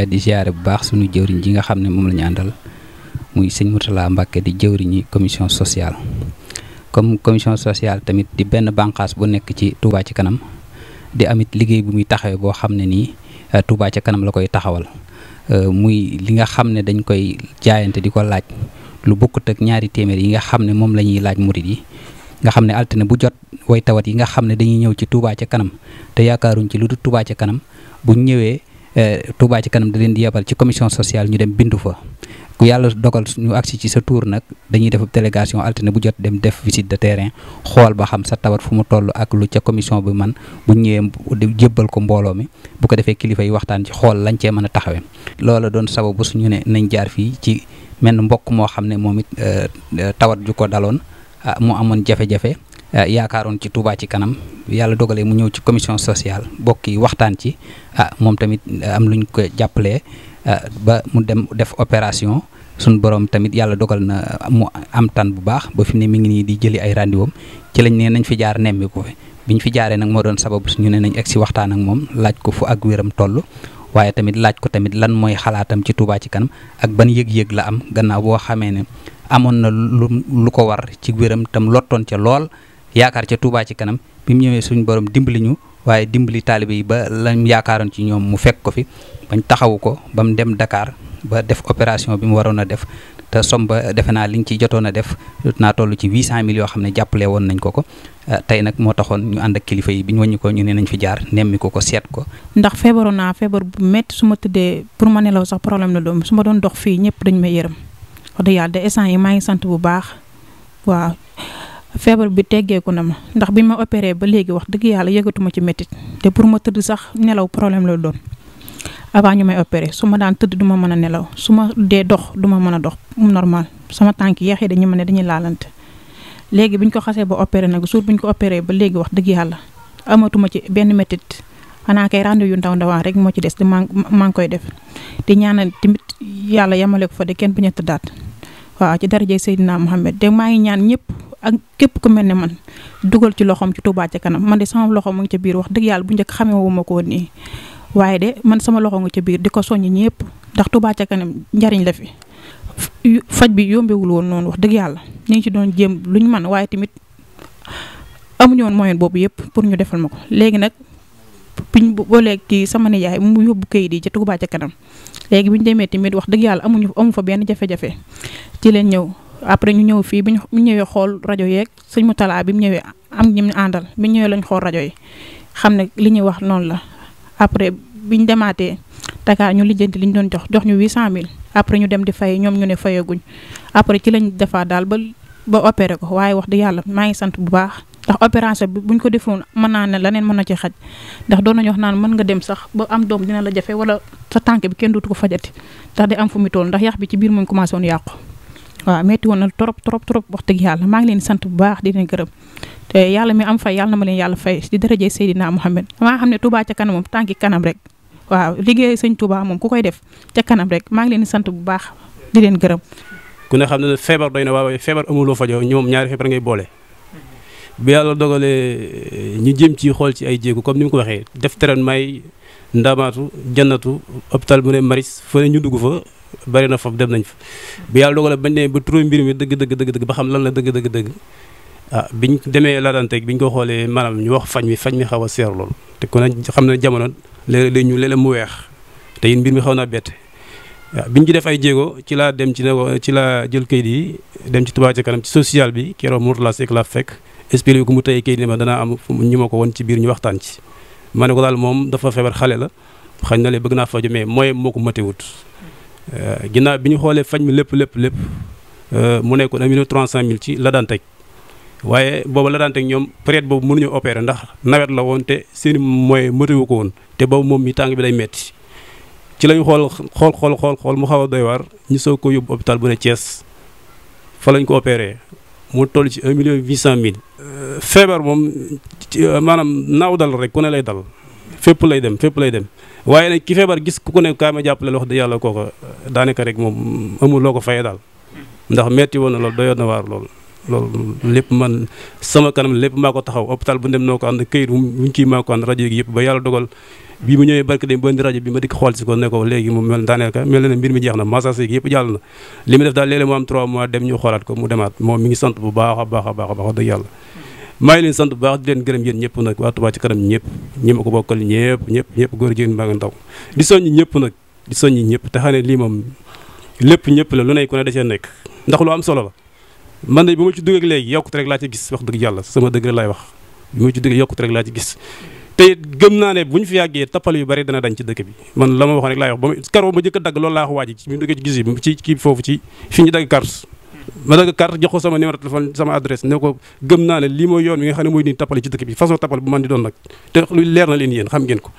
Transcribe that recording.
Eh, di ziare bu baax suñu jëwriñ ji nga xam ne moom la ñu àndal muy sëñ la Mbacke di jëwriñi commission sociale comme commission sociale tamit di benn bànqaas bu nekk ci Touba ci kanam di amit liggéey bu muy taxawee boo xam ne nii eh, Touba ci kanam la koy taxawal eh, muy li nga xam ne dañ koy jaayante di ko laaj lu bokkut ak ñaari téeméer yi nga xam ne moom la ñuy laaj murid yi nga xam ne altine bu jot way tawat yi nga xam ne dañuy ñëw ci tuubaa ca kanam te yaakaaruñ ci lu dul Touba ca kanam bu ñëwee Eh, Touba ci kanam da leen di yebal ci commission sociale ñu dem bindu fa ku yàlla dogal ñu agsi ci sa tuur nag dañuy def délégation altine bu jot dem def visite de terrain xool ba xam sa tawat fu mu toll ak lu ca commission bi man bu ñëwee jébbal ko mbooloo mi bu ko defee kilifa yi waxtaan ci xool lañ cee mën a taxawee loola doon sababu ñu ne nañ jaar fii ci menn mbokk moo xam ne moom it eh, eh, tawat ju ko daloon ah, mu amoon jafe-jafe yaakaaroon ci Touba ci kanam yàlla dogalee mu ñëw ci commission sociale bokk yi waxtaan ci ah moom tamit eh, am luñ ko jàppale eh, ba mu dem def opération suñ borom tamit yàlla dogal na mu am tan bu baax ba fi mu ne mi ngi nii di jëli ay rendez ci lañ ne nañ fi jaar nemmi ko fi bi ñu fi jaaree nag moo doon sababu suñu ne nañ egg si waxtaan ak moom laaj ko fu ak wéram toll waaye tamit laaj ko tamit lan mooy xalaatam ci Touba ci kanam ak ban yëg-yëg la am gannaaw boo xamee ne amoon na lu lu ko war ci wéram tam lottoon ca lool yaakaar ci kanam bi mu ñëwee suñu borom dimbali ñu waaye dimbali taalibe yi ba lañ yaakaaroon ci ñoom mu fekk ko fi bañ taxawu ko ba mu dem Dakar ba def opération bi mu waroon a def te somba defe naa liñ ci jotoon a def naa toll ci 800 mille yoo xam ne jàppale woon nañ ko ko euh, tey nag moo taxoon ñu ànd ak kilifa yi bi ñu wàññi ñu ne nañ fi jaar nemmi ko ko seet ko. ndax feebaroon feebar bu métti su ma tëddee pour ma nelaw sax problème la doom su ma doon dox fii ñëpp dañ ma yërëm wax dëgg feebar bi teggeeku na ma ndax bi ma opéré ba léegi wax dëgg yàlla yëgatuma ci métit te pour ma tëdd sax nelaw problème la doon avant ñu may opéré su ma daan tëdd du ma mën a nelaw su ma dee dox duma mën a dox normal sama tànk yeex yi dañu ma ne dañuy laalant léegi bi ñu ko xasee ba opéré nag suur bi ñu ko opéré ba léegi wax dëgg yàlla amatuma ci benn métit xanaa kay rendu yu ndaw ndawaan rek moo ci des di maa maa ngi koy def di ñaanal tamit yàlla yamale ko fa de bu ñu tëddaat waaw ci daraja Seydina Mohamed te maa ngi ñaan ñëpp. ak képp ku mel ne man dugal ci loxoom ci Touba ca kanam man de sama loxo mu ngi ca biir wax dëgg yàlla bu njëkk ma ko nii waaye de man sama loxo nga ca biir di ko soññ ñëpp ndax Touba ca kanam njariñ la fi faj bi yombewul woon noonu wax dëgg yàlla ñu ngi ci doon jéem luñ man waaye tamit amuñu woon moyen boobu yëpp pour ñu defal ma ko léegi nag biñ booleeg kii sama nijaay mu yóbbu kayit yi ca Touba ca kanam léegi bu biñ demee tamit wax dëgg yàlla amuñu amu fa benn jafe ci leen ñëw après ñu ñëw fii bi ñu ñëwee xool rajo yeeg suñ mu talaa bi mu ñëwee am ñi mu àndal bi ñëwee lañ xool rajo yi xam ne li ñuy wax noonu la après biñ demaatee Dakar ñu lijjanti liñ doon jox jox ñu cent 800000 après ñu dem di fay ñoom ñu ne fayaguñ après ci lañ defaat daal ba ba opéré ko waaye wax dëgg yàlla maa ngi sant bu baax. ndax opération bi buñ ko defoon mën naa ne leneen mën na ci xaj ndax doon nañu wax naan mën nga dem sax ba am doom dina la jafe wala sa tànk kenn dootu ko fajati ndax day am fu mu toll ndax yax bi ci biir mu commencé woon yàqu. waaw metti woon na trop trop trop wax dëgg yàlla maa ngi leen sant bu baax di leen gërëm te yàlla mi am fay yàlla na ma leen yàlla fay di daraje Seydina Mohamed maa xam ne Touba ca kanam moom tànki kanam rek waaw liggéey sañ Touba moom ku koy def ca kanam rek maa ngi leen sant bu baax di leen gërëm ku ne xam ne feebar doy na waaw feebar amuloo fajoo ñi moom ñaari feebar ngay boole bi yàlla dogalee ñu jëm ci xool ci ay jéego comme ni mu ko waxee def traitement yi Ndamaatu Jannatu hôpital bu ne Maris fa ne ñu dugg fa bari na foofu dem nañ fa. bi yàlla dogale bañ ne ba trop mbir mi dëgg dëgg dëgg ba xam lan la dëgg dëgg dëgg ah, bi ñu demee laa daan teg ñu ko xoolee maanaam ñu wax fañ mi fañ mi xaw a seer lool te kon nag xam ne jamono léeg-léeg ñu léeg mu weex te yéen mbir mi xaw naa bette. waaw ah, bi ñu ci def ay jéego ci laa dem ci ne ci laa jël kayit yi dem ci Touba ca kanam ci social bi keroog Mourtala Seck laa fekk expliqué ko mu tey kayit yi ma danaa am ñu ko woon ci biir ñu waxtaan ci ma ne ko daal moom dafa feebar xale la xañ na lee bëgg naa faju mais mooy moo ko matewut euh, ginaar bi ñu xoolee faj mi lépp lépp lépp euh, mu nekkoon un million trois cent mille ci la daan teg waaye boobu la daan teg ñoom période boobu mënuñu opérer ndax nawet la woon te seen mooy matewu ko woon te boobu moom mi tàng bi day metti ci lañu xool xool xool xool xool mu xaw a doy waar ñu soog ko yóbbu hôpital bu ne Thiès fa lañ ko opéré mu toll ci un million huit cent mille euh, feebar moom Euh, maanaam naaw dal rek ku ne lay dal fépp lay dem fépp lay dem waaye nag ki feebar gis ku ko ne kaa ma jàppale wax dëgg yàlla kooka euh, daanaka rek moom amul loo ko fayee daal ndax metti woon na loolu doyoon na waar loolu loolu lépp man sama kanam lépp maa ko taxaw hôpital bu ndem noo ko ànd këyit wuñ ciy maa ko ànd bi mu ñëwee barke dem ba rajo bi ma dikk xool si ko ne ko mu mel daaneel ka mel na ne mbir mi jeex na massage yi yëpp jàll na li mu def daal léeg-léeg mu am 3 mois dem ñu xoolaat ko mu demaat moom mi ngi sant bu baax a baax a baax a dëgg yàlla maa ngi leen sant bu baax di leen gërëm yéen ñëpp nag waa Touba ci kanam ñëpp ñi ma ko bokkal ñëpp ñëpp ñëpp góor ñëpp nag di soññ ñëpp te xam ne lii moom lépp ñëpp la lu ne ku ne nekk ndax lu am solo la man de bu ma ci duggee léegi yokkute rek laa ci gis wax dëgg yàlla sama dëgg laay wax bu ma ci duggee laa ci gis te gëm naa ne bu ñu fi yàggee tappal yu bari dana dañ ci dëkk bi man la ma wax rek laay wax ba ma karo ma jëkk dagg loolu laa wax waaji mu duggee ci gis yi foofu ci fi ñu dagg kars ma dagg carte jox ko sama numéro téléphone sama adresse ne ko gëm naa ne li mooy yoon wi nga xam ne mooy ni tappale ci dëkk bi façon tappale bu man doon nag te leer na leen yéen xam ngeen ko